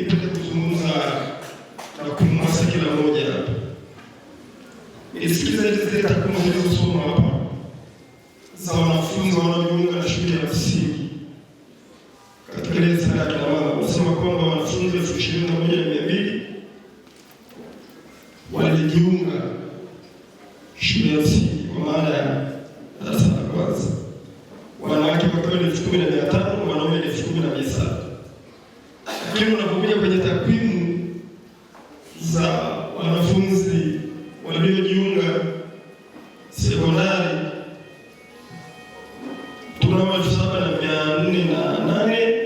nipende kuzungumza na kumwasa kila mmoja. Nilisikiza zile takwimu zilizosoma hapa za wanafunzi wanaojiunga na shule ya msingi katika ile sadaka na mama, wanasema kwamba wanafunzi elfu ishirini na moja mia mbili walijiunga shule ya msingi kwa maana ya darasa la kwanza, wanawake wakiwa ni elfu kumi na mia tano wanaume ni elfu kumi na mia saba lakini unapokuja kwenye takwimu za wanafunzi waliojiunga sekondari, tuna watu saba na mia nne na nane.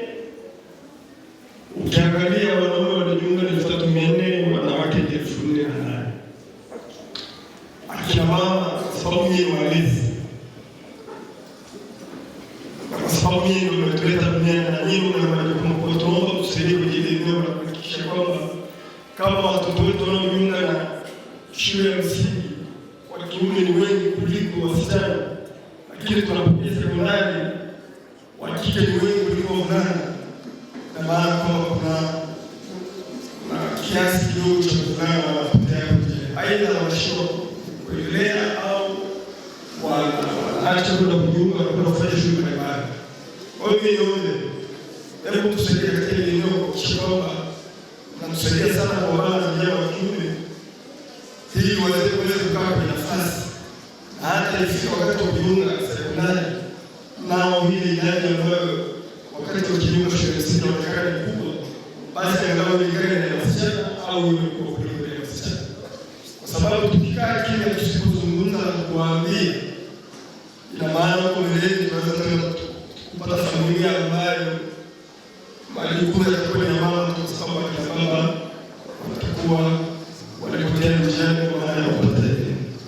Ukiangalia wanaume waliojiunga ni elfu tatu mia nne wanawake ni elfu nne na nane. Akina mama sababu nyie walezi kwa sababu nyie ndio mmetuleta duniani na nyinyi mna majukumu kwa tunaomba tujitahidi kujivivua na kuhakikisha kwamba kama watoto wetu wanaojiunga na shule ya msingi wa kiume ni wengi kuliko wasichana, lakini tunapokuja sekondari wa kike ni wengi kuliko wavulana, na maana kwamba kuna kiasi kidogo cha kuvulana wavulana wanapotea kwenye aidha wanashindwa kuendelea au wanaacha kwenda kujiunga na kufanya shughuli mbalimbali. Kwa hiyo niombe hebu tusaidie katika hili eneo kuhakikisha kwamba natusaidia sana kwa wana na vijana wa kiume, ili waweze kukaa kwenye nafasi na hata ifika wakati wa kujiunga sekondari, nao hili idadi ambayo wakati wa kujiunga shule ya msingi waonekana ni kubwa, basi angalau ni ilikane na wasichana au ni kwa kuliko na wasichana, kwa sababu tukikaa kimya tusipozungumza na kuwaambia, ina maana huko mbeleni tunaweza kupata familia ambayo kujifunza chakula na mama, kwa sababu akina mama watakuwa